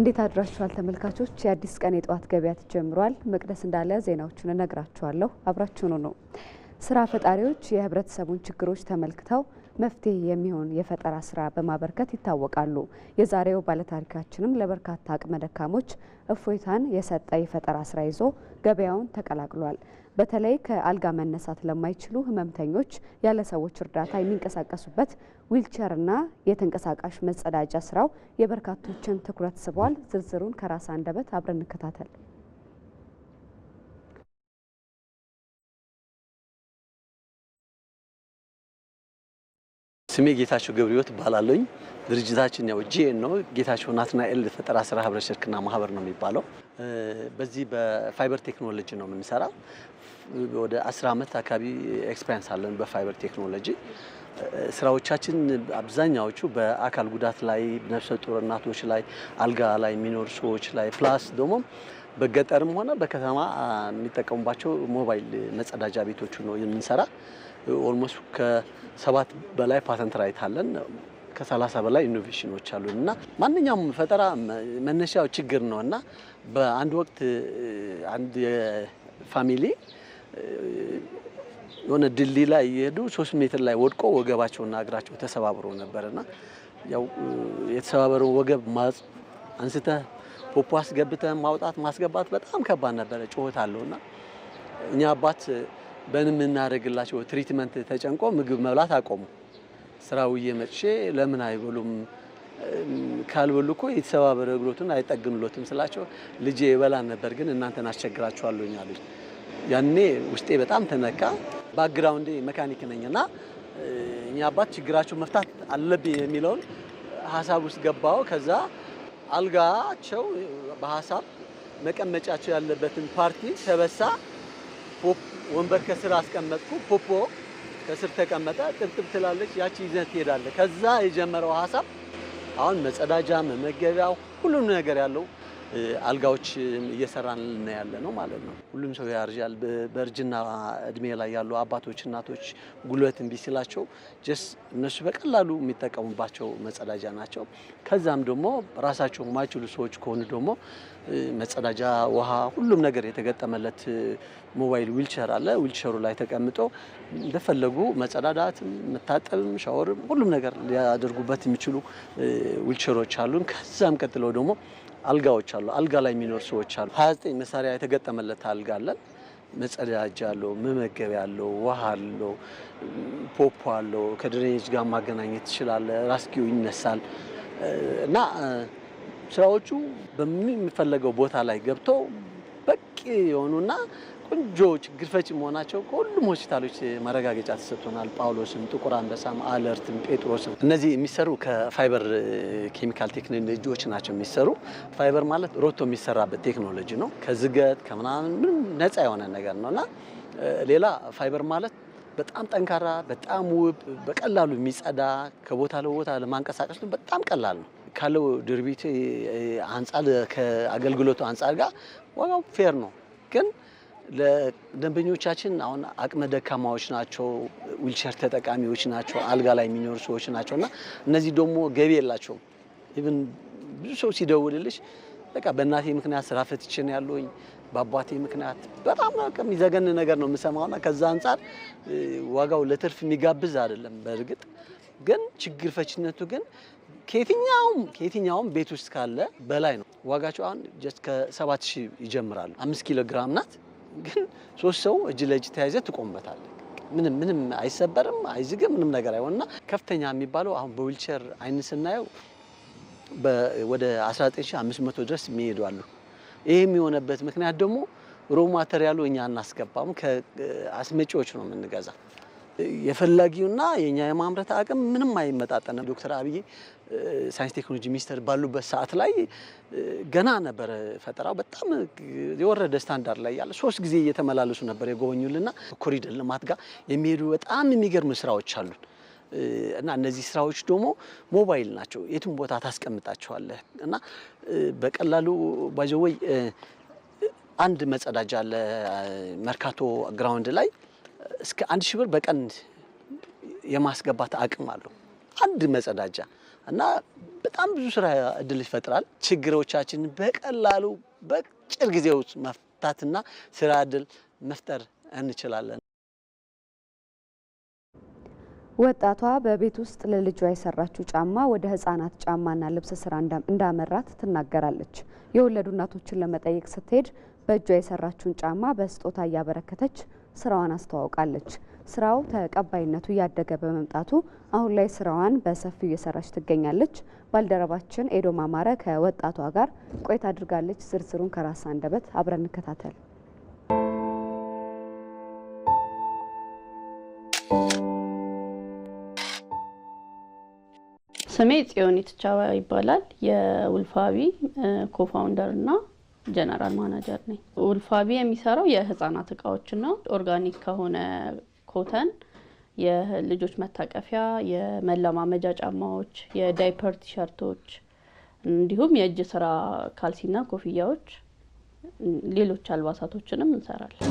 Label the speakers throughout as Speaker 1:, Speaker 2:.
Speaker 1: እንዴት አድራችኋል ተመልካቾች? የአዲስ ቀን የጠዋት ገበያ ተጀምሯል። መቅደስ እንዳለ ዜናዎቹን እነግራችኋለሁ። አብራችሁኑ ነው። ስራ ፈጣሪዎች የህብረተሰቡን ችግሮች ተመልክተው መፍትሄ የሚሆን የፈጠራ ስራ በማበርከት ይታወቃሉ። የዛሬው ባለታሪካችንም ለበርካታ አቅመ ደካሞች እፎይታን የሰጠ የፈጠራ ስራ ይዞ ገበያውን ተቀላቅሏል። በተለይ ከአልጋ መነሳት ለማይችሉ ህመምተኞች ያለ ሰዎች እርዳታ የሚንቀሳቀሱበት ዊልቸርና የተንቀሳቃሽ መጸዳጃ ስራው የበርካቶችን ትኩረት ስቧል። ዝርዝሩን ከራስ አንደበት አብረን እንከታተል።
Speaker 2: ስሜ ጌታቸው ገብረሕይወት እባላለሁኝ። ድርጅታችን ያው ጂኤን ነው። ጌታቸው ናትናኤል ፈጠራ ስራ ህብረት ሽርክና ማህበር ነው የሚባለው። በዚህ በፋይበር ቴክኖሎጂ ነው የምንሰራ። ወደ 10 ዓመት አካባቢ ኤክስፔሪንስ አለን በፋይበር ቴክኖሎጂ። ስራዎቻችን አብዛኛዎቹ በአካል ጉዳት ላይ፣ ነፍሰ ጡር እናቶች ላይ፣ አልጋ ላይ የሚኖሩ ሰዎች ላይ ፕላስ ደግሞ በገጠርም ሆነ በከተማ የሚጠቀሙባቸው ሞባይል መጸዳጃ ቤቶቹ ነው የምንሰራ። ኦልሞስት ከሰባት በላይ ፓተንት ራይት አለን። ከሰላሳ በላይ ኢኖቬሽኖች አሉ እና ማንኛውም ፈጠራ መነሻው ችግር ነው እና በአንድ ወቅት አንድ ፋሚሊ የሆነ ድልድይ ላይ እየሄዱ ሶስት ሜትር ላይ ወድቆ ወገባቸውና እግራቸው ተሰባብሮ ነበርና ያው የተሰባበረውን ወገብ አንስተ ፖፖ አስገብተ ማውጣት ማስገባት በጣም ከባድ ነበረ። ጩኸት አለውና እኛ አባት በንም የምናደርግላቸው ትሪትመንት ተጨንቆ ምግብ መብላት አቆሙ። ስራው እየመጥሼ ለምን አይበሉም ካልበሉ እኮ የተሰባበረ እግሮትን አይጠግምሎትም ስላቸው ልጄ የበላ ነበር ግን እናንተን አስቸግራችኋለሁ አሉኝ። ያኔ ውስጤ በጣም ተነካ። ባክግራውንዴ መካኒክ ነኝ እና እኛ አባት ችግራቸው መፍታት አለብኝ የሚለውን ሀሳብ ውስጥ ገባው። ከዛ አልጋቸው በሀሳብ መቀመጫቸው ያለበትን ፓርቲ ተበሳ፣ ወንበር ከስር አስቀመጥኩ። ፖፖ ከስር ተቀመጠ። ጥብጥብ ትላለች፣ ያቺ ይዘህ ትሄዳለህ። ከዛ የጀመረው ሀሳብ አሁን መጸዳጃ፣ መመገቢያ ሁሉም ነገር ያለው አልጋዎች እየሰራን ያለ ነው ማለት ነው። ሁሉም ሰው ያርጃል። በእርጅና እድሜ ላይ ያሉ አባቶች፣ እናቶች ጉልበት እምቢ ሲላቸው ጀስ እነሱ በቀላሉ የሚጠቀሙባቸው መጸዳጃ ናቸው። ከዛም ደግሞ ራሳቸው የማይችሉ ሰዎች ከሆኑ ደግሞ መጸዳጃ፣ ውሃ፣ ሁሉም ነገር የተገጠመለት ሞባይል ዊልቸር አለ። ዊልቸሩ ላይ ተቀምጦ እንደፈለጉ መጸዳዳትም፣ መታጠብም፣ ሻወርም ሁሉም ነገር ሊያደርጉበት የሚችሉ ዊልቸሮች አሉን። ከዛም ቀጥለው ደግሞ አልጋዎች አሉ። አልጋ ላይ የሚኖር ሰዎች አሉ። 29 መሳሪያ የተገጠመለት አልጋ አለን። መጸዳጃ አለው፣ መመገቢያ አለው፣ ውሃ አለው፣ ፖፖ አለው። ከድሬኔጅ ጋር ማገናኘት ትችላለ። ራስጌው ይነሳል እና ስራዎቹ በሚፈለገው ቦታ ላይ ገብተው በቂ የሆኑና ቆንጆ ችግር ፈቺ መሆናቸው ከሁሉም ሆስፒታሎች መረጋገጫ ተሰጥቶናል። ጳውሎስም፣ ጥቁር አንበሳም፣ አለርትም፣ ጴጥሮስም እነዚህ የሚሰሩ ከፋይበር ኬሚካል ቴክኖሎጂዎች ናቸው የሚሰሩ። ፋይበር ማለት ሮቶ የሚሰራበት ቴክኖሎጂ ነው። ከዝገት ከምናምን ምንም ነፃ የሆነ ነገር ነው እና ሌላ ፋይበር ማለት በጣም ጠንካራ፣ በጣም ውብ፣ በቀላሉ የሚጸዳ ከቦታ ለቦታ ለማንቀሳቀስ በጣም ቀላል ነው። ካለው ድርቢት አንጻር ከአገልግሎቱ አንጻር ጋር ዋጋው ፌር ነው ግን ለደንበኞቻችን አሁን አቅመ ደካማዎች ናቸው፣ ዊልቸር ተጠቃሚዎች ናቸው፣ አልጋ ላይ የሚኖሩ ሰዎች ናቸው እና እነዚህ ደግሞ ገቢ የላቸውም። ኢቭን ብዙ ሰው ሲደውልልሽ በቃ በእናቴ ምክንያት ስራ ፈትችን ያለኝ በአባቴ ምክንያት በጣም የሚዘገን ነገር ነው የምሰማውና ከዛ አንጻር ዋጋው ለትርፍ የሚጋብዝ አይደለም። በእርግጥ ግን ችግር ፈችነቱ ግን ከየትኛውም ከየትኛውም ቤት ውስጥ ካለ በላይ ነው። ዋጋቸው አሁን ጀስት ከሰባት ሺህ ይጀምራሉ። አምስት ኪሎ ግራም ናት። ግን ሶስት ሰው እጅ ለእጅ ተያይዘ ትቆምበታለ። ምንም ምንም አይሰበርም፣ አይዝግም፣ ምንም ነገር አይሆንና ከፍተኛ የሚባለው አሁን በዊልቸር አይን ስናየው ወደ 19500 ድረስ የሚሄዱ አሉ። ይህ የሚሆነበት ምክንያት ደግሞ ሮ ማተሪያሉ እኛ አናስገባም፣ ከአስመጪዎች ነው የምንገዛ። የፈላጊውና የኛ የማምረት አቅም ምንም አይመጣጠንም። ዶክተር አብይ ሳይንስ ቴክኖሎጂ ሚኒስተር ባሉበት ሰዓት ላይ ገና ነበረ ፈጠራው በጣም የወረደ ስታንዳርድ ላይ ያለ ሶስት ጊዜ እየተመላለሱ ነበር የጎበኙልና ኮሪደር ልማት ጋር የሚሄዱ በጣም የሚገርም ስራዎች አሉን እና እነዚህ ስራዎች ደግሞ ሞባይል ናቸው። የቱም ቦታ ታስቀምጣቸዋለህ እና በቀላሉ ባይዘወይ አንድ መጸዳጃ ለመርካቶ ግራውንድ ላይ እስከ አንድ ሺህ ብር በቀን የማስገባት አቅም አለው አንድ መጸዳጃ እና በጣም ብዙ ስራ እድል ይፈጥራል። ችግሮቻችንን በቀላሉ በአጭር ጊዜ ውስጥ መፍታትና ስራ እድል መፍጠር እንችላለን።
Speaker 1: ወጣቷ በቤት ውስጥ ለልጇ የሰራችው ጫማ ወደ ህጻናት ጫማና ልብስ ስራ እንዳመራት ትናገራለች። የወለዱ እናቶችን ለመጠየቅ ስትሄድ በእጇ የሰራችውን ጫማ በስጦታ እያበረከተች ስራዋን አስተዋውቃለች። ስራው ተቀባይነቱ እያደገ በመምጣቱ አሁን ላይ ስራዋን በሰፊው እየሰራች ትገኛለች። ባልደረባችን ኤዶም አማረ ከወጣቷ ጋር ቆይታ አድርጋለች። ዝርዝሩን ከራስ አንደበት አብረን እንከታተል።
Speaker 3: ስሜ ጽዮን ትቻባ ይባላል። የውልፋቢ ኮፋውንደር ጀነራል ማናጀር ነኝ። ውልፋቢ የሚሰራው የህፃናት እቃዎችን ነው። ኦርጋኒክ ከሆነ ኮተን የልጆች መታቀፊያ፣ የመለማመጃ ጫማዎች፣ የዳይፐር ቲሸርቶች እንዲሁም የእጅ ስራ ካልሲና ኮፍያዎች፣ ሌሎች አልባሳቶችንም እንሰራለን።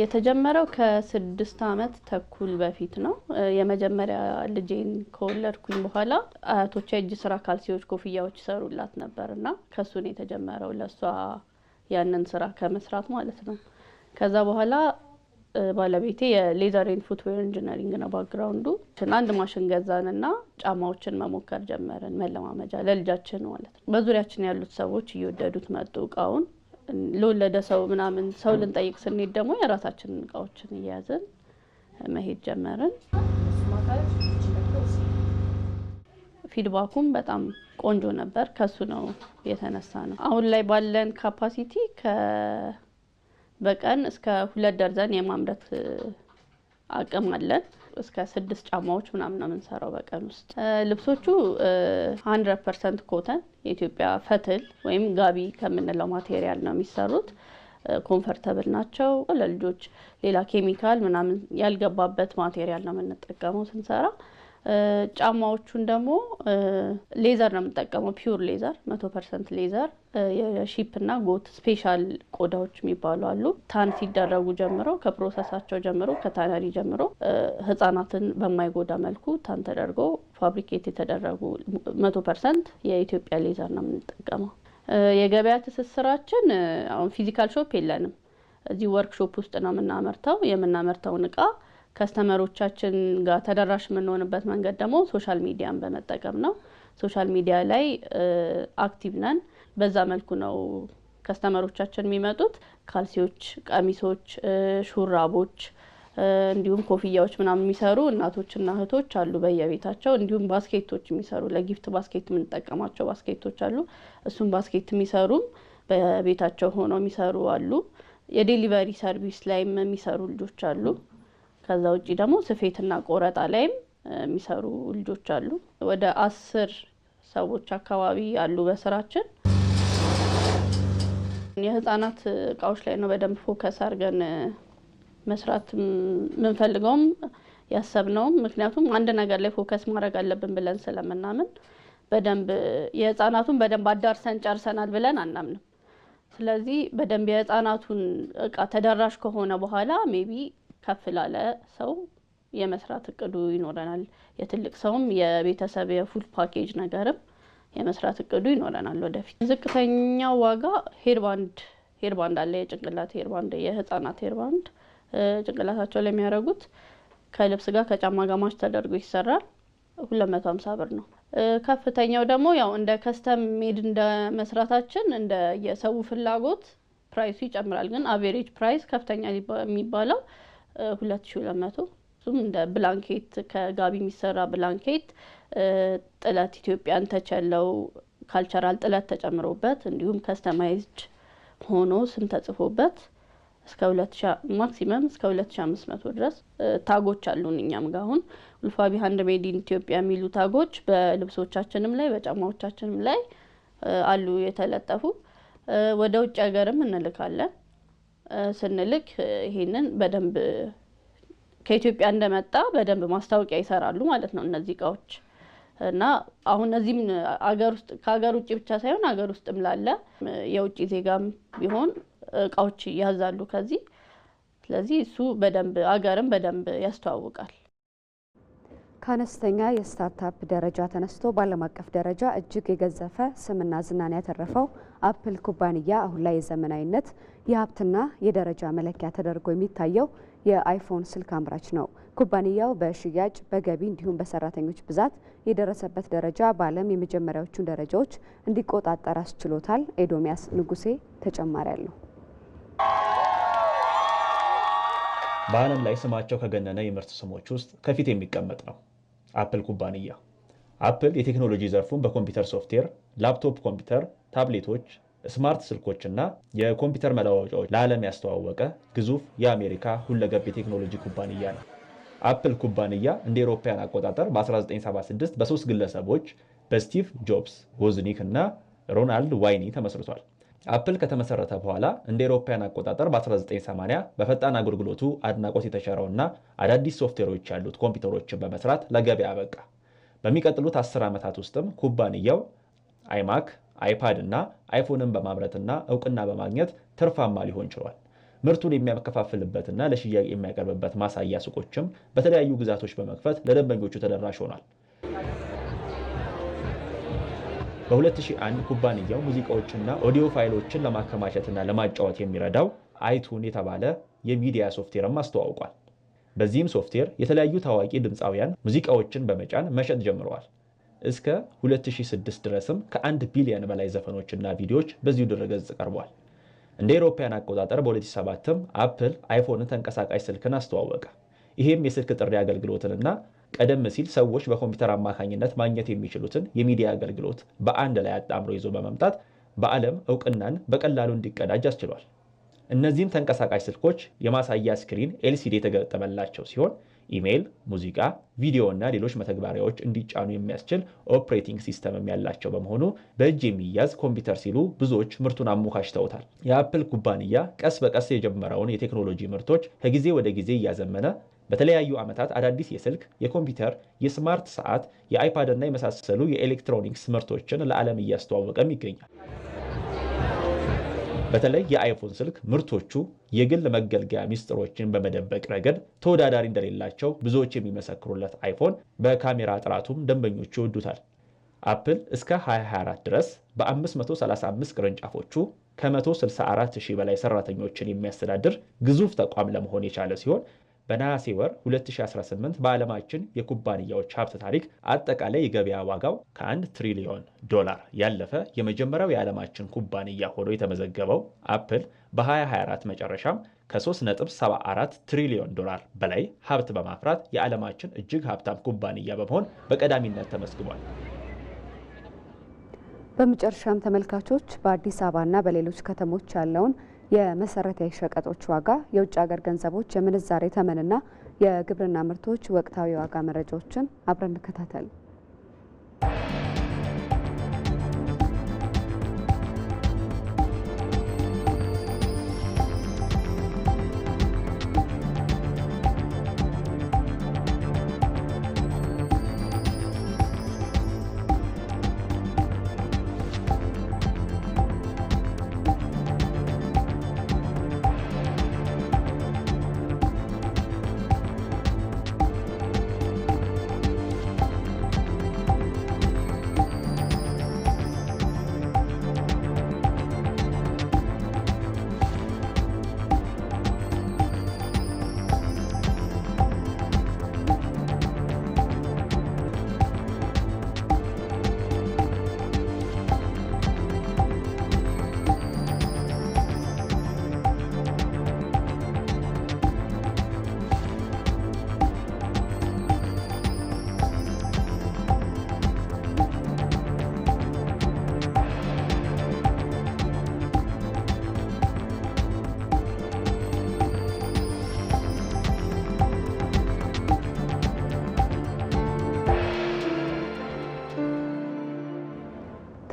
Speaker 3: የተጀመረው ከስድስት አመት ተኩል በፊት ነው። የመጀመሪያ ልጄን ከወለድኩኝ በኋላ አያቶቿ የእጅ ስራ ካልሲዎች፣ ኮፍያዎች ይሰሩላት ነበር እና ነው የተጀመረው ለእሷ ያንን ስራ ከመስራት ማለት ነው። ከዛ በኋላ ባለቤቴ የሌዘሬን ፉትዌር ኢንጂነሪንግ ነው ባክግራውንዱ። አንድ ማሽን ገዛንና ጫማዎችን መሞከር ጀመርን፣ መለማመጃ ለልጃችን ማለት ነው። በዙሪያችን ያሉት ሰዎች እየወደዱት መጡ እቃውን ለወለደ ሰው ምናምን ሰው ልንጠይቅ ስንሄድ ደግሞ የራሳችንን እቃዎችን እያያዝን መሄድ ጀመርን። ፊድባኩም በጣም ቆንጆ ነበር። ከሱ ነው የተነሳ ነው አሁን ላይ ባለን ካፓሲቲ በቀን እስከ ሁለት ደርዘን የማምረት አቅም አለን። እስከ ስድስት ጫማዎች ምናምን ነው የምንሰራው በቀን ውስጥ። ልብሶቹ ሀንድረድ ፐርሰንት ኮተን የኢትዮጵያ ፈትል ወይም ጋቢ ከምንለው ማቴሪያል ነው የሚሰሩት። ኮንፈርተብል ናቸው። ለልጆች ሌላ ኬሚካል ምናምን ያልገባበት ማቴሪያል ነው የምንጠቀመው ስንሰራ። ጫማዎቹን ደግሞ ሌዘር ነው የምንጠቀመው፣ ፒውር ሌዘር መቶ ፐርሰንት ሌዘር የሺፕ እና ጎት ስፔሻል ቆዳዎች የሚባሉ አሉ። ታን ሲደረጉ ጀምሮ ከፕሮሰሳቸው ጀምሮ ከታነሪ ጀምሮ ህጻናትን በማይጎዳ መልኩ ታን ተደርጎ ፋብሪኬት የተደረጉ መቶ ፐርሰንት የኢትዮጵያ ሌዘር ነው የምንጠቀመው። የገበያ ትስስራችን አሁን ፊዚካል ሾፕ የለንም። እዚህ ወርክሾፕ ውስጥ ነው የምናመርተው። የምናመርተውን እቃ ከስተመሮቻችን ጋር ተደራሽ የምንሆንበት መንገድ ደግሞ ሶሻል ሚዲያን በመጠቀም ነው። ሶሻል ሚዲያ ላይ አክቲቭ ነን። በዛ መልኩ ነው ከስተመሮቻችን የሚመጡት። ካልሲዎች፣ ቀሚሶች፣ ሹራቦች እንዲሁም ኮፍያዎች ምናምን የሚሰሩ እናቶችና እህቶች አሉ በየቤታቸው። እንዲሁም ባስኬቶች የሚሰሩ ለጊፍት ባስኬት የምንጠቀማቸው ባስኬቶች አሉ። እሱም ባስኬት የሚሰሩም በቤታቸው ሆነው የሚሰሩ አሉ። የዴሊቨሪ ሰርቪስ ላይም የሚሰሩ ልጆች አሉ። ከዛ ውጭ ደግሞ ስፌትና ቆረጣ ላይም የሚሰሩ ልጆች አሉ። ወደ አስር ሰዎች አካባቢ አሉ በስራችን። የህፃናት እቃዎች ላይ ነው በደንብ ፎከስ አድርገን መስራት የምንፈልገውም ያሰብነውም። ምክንያቱም አንድ ነገር ላይ ፎከስ ማድረግ አለብን ብለን ስለምናምን በደንብ የህጻናቱን በደንብ አዳርሰን ጨርሰናል ብለን አናምንም። ስለዚህ በደንብ የህፃናቱን እቃ ተደራሽ ከሆነ በኋላ ሜቢ ከፍ ላለ ሰው የመስራት እቅዱ ይኖረናል። የትልቅ ሰውም የቤተሰብ የፉል ፓኬጅ ነገርም የመስራት እቅዱ ይኖረናል። ወደፊት ዝቅተኛው ዋጋ ሄርባንድ ሄርባንድ አለ። የጭንቅላት ሄርባንድ፣ የህጻናት ሄርባንድ ጭንቅላታቸው ላይ ከልብስ ጋር ከጫማ ጋማች ማች ተደርጎ ይሰራል። ሁለት መቶ ሀምሳ ብር ነው። ከፍተኛው ደግሞ ያው እንደ ከስተም ሜድ እንደ መስራታችን እንደ የሰው ፍላጎት ፕራይሱ ይጨምራል። ግን አቬሬጅ ፕራይስ ከፍተኛ የሚባለው ሁለት ሺ ሁለት መቶ እሱም እንደ ብላንኬት ከጋቢ የሚሰራ ብላንኬት ጥለት ኢትዮጵያን ተቸለው ካልቸራል ጥለት ተጨምሮበት እንዲሁም ከስተማይዝድ ሆኖ ስም ተጽፎበት እስከ ማክሲመም እስከ ሁለት ሺ አምስት መቶ ድረስ ታጎች አሉን። እኛም ጋር አሁን ኡልፋቢ ሃንድ ሜድ ኢን ኢትዮጵያ የሚሉ ታጎች በልብሶቻችንም ላይ በጫማዎቻችንም ላይ አሉ የተለጠፉ። ወደ ውጭ ሀገርም እንልካለን። ስንልክ ይሄንን በደንብ ከኢትዮጵያ እንደመጣ በደንብ ማስታወቂያ ይሰራሉ ማለት ነው እነዚህ እቃዎች እና አሁን እነዚህም አገር ውስጥ ከሀገር ውጭ ብቻ ሳይሆን ሀገር ውስጥም ላለ የውጭ ዜጋም ቢሆን እቃዎች ያዛሉ ከዚህ። ስለዚህ እሱ በደንብ አገርም በደንብ ያስተዋውቃል።
Speaker 1: ከአነስተኛ የስታርታፕ ደረጃ ተነስቶ በዓለም አቀፍ ደረጃ እጅግ የገዘፈ ስምና ዝናን ያተረፈው አፕል ኩባንያ አሁን ላይ የዘመናዊነት የሀብትና የደረጃ መለኪያ ተደርጎ የሚታየው የአይፎን ስልክ አምራች ነው። ኩባንያው በሽያጭ በገቢ እንዲሁም በሰራተኞች ብዛት የደረሰበት ደረጃ በዓለም የመጀመሪያዎቹን ደረጃዎች እንዲቆጣጠር አስችሎታል። ኤዶሚያስ ንጉሴ ተጨማሪ አለው።
Speaker 4: በዓለም ላይ ስማቸው ከገነነ የምርት ስሞች ውስጥ ከፊት የሚቀመጥ ነው አፕል ኩባንያ። አፕል የቴክኖሎጂ ዘርፉን በኮምፒውተር ሶፍትዌር፣ ላፕቶፕ ኮምፒውተር፣ ታብሌቶች ስማርት ስልኮችና የኮምፒውተር መለዋወጫዎች ለዓለም ያስተዋወቀ ግዙፍ የአሜሪካ ሁለገብ የቴክኖሎጂ ኩባንያ ነው። አፕል ኩባንያ እንደ ኤሮፓያን አቆጣጠር በ1976 በሶስት ግለሰቦች በስቲቭ ጆብስ፣ ወዝኒክ እና ሮናልድ ዋይኒ ተመስርቷል። አፕል ከተመሰረተ በኋላ እንደ ኤሮፓያን አቆጣጠር በ1980 በፈጣን አገልግሎቱ አድናቆት የተቸረውና አዳዲስ ሶፍትዌሮች ያሉት ኮምፒውተሮችን በመስራት ለገበያ በቃ። በሚቀጥሉት 10 ዓመታት ውስጥም ኩባንያው አይማክ አይፓድ እና አይፎንን በማምረትና እውቅና በማግኘት ትርፋማ ሊሆን ችሏል። ምርቱን የሚያከፋፍልበትና ለሽያጭ የሚያቀርብበት ማሳያ ሱቆችም በተለያዩ ግዛቶች በመክፈት ለደንበኞቹ ተደራሽ ሆኗል። በ2001 ኩባንያው ሙዚቃዎችና ኦዲዮ ፋይሎችን ለማከማቸትና ለማጫወት የሚረዳው አይቱን የተባለ የሚዲያ ሶፍትዌርም አስተዋውቋል። በዚህም ሶፍትዌር የተለያዩ ታዋቂ ድምፃውያን ሙዚቃዎችን በመጫን መሸጥ ጀምረዋል። እስከ 2006 ድረስም ከአንድ ቢሊዮን በላይ ዘፈኖችና ቪዲዮዎች በዚሁ ድረገጽ ቀርቧል። እንደ አውሮፓውያን አቆጣጠር በ2007ም አፕል አይፎን ተንቀሳቃሽ ስልክን አስተዋወቀ። ይህም የስልክ ጥሪ አገልግሎትንና ቀደም ሲል ሰዎች በኮምፒውተር አማካኝነት ማግኘት የሚችሉትን የሚዲያ አገልግሎት በአንድ ላይ አጣምሮ ይዞ በመምጣት በዓለም እውቅናን በቀላሉ እንዲቀዳጅ አስችሏል። እነዚህም ተንቀሳቃሽ ስልኮች የማሳያ ስክሪን ኤልሲዲ የተገጠመላቸው ሲሆን ኢሜይል፣ ሙዚቃ፣ ቪዲዮ እና ሌሎች መተግበሪያዎች እንዲጫኑ የሚያስችል ኦፕሬቲንግ ሲስተምም ያላቸው በመሆኑ በእጅ የሚያዝ ኮምፒውተር ሲሉ ብዙዎች ምርቱን አሞካሽተውታል። የአፕል ኩባንያ ቀስ በቀስ የጀመረውን የቴክኖሎጂ ምርቶች ከጊዜ ወደ ጊዜ እያዘመነ በተለያዩ ዓመታት አዳዲስ የስልክ፣ የኮምፒውተር፣ የስማርት ሰዓት፣ የአይፓድ እና የመሳሰሉ የኤሌክትሮኒክስ ምርቶችን ለዓለም እያስተዋወቀም ይገኛል። በተለይ የአይፎን ስልክ ምርቶቹ የግል መገልገያ ሚስጥሮችን በመደበቅ ረገድ ተወዳዳሪ እንደሌላቸው ብዙዎች የሚመሰክሩለት አይፎን በካሜራ ጥራቱም ደንበኞቹ ይወዱታል። አፕል እስከ 2024 ድረስ በ535 ቅርንጫፎቹ ከ164 ሺህ በላይ ሰራተኞችን የሚያስተዳድር ግዙፍ ተቋም ለመሆን የቻለ ሲሆን በነሐሴ ወር 2018 በዓለማችን የኩባንያዎች ሀብት ታሪክ አጠቃላይ የገበያ ዋጋው ከአንድ ትሪሊዮን ዶላር ያለፈ የመጀመሪያው የዓለማችን ኩባንያ ሆኖ የተመዘገበው አፕል በ2024 መጨረሻም ከ3.74 ትሪሊዮን ዶላር በላይ ሀብት በማፍራት የዓለማችን እጅግ ሀብታም ኩባንያ በመሆን በቀዳሚነት ተመስግቧል።
Speaker 1: በመጨረሻም ተመልካቾች በአዲስ አበባና በሌሎች ከተሞች ያለውን የመሰረታዊ ሸቀጦች ዋጋ፣ የውጭ ሀገር ገንዘቦች የምንዛሬ ተመንና የግብርና ምርቶች ወቅታዊ ዋጋ መረጃዎችን አብረን እንከታተል።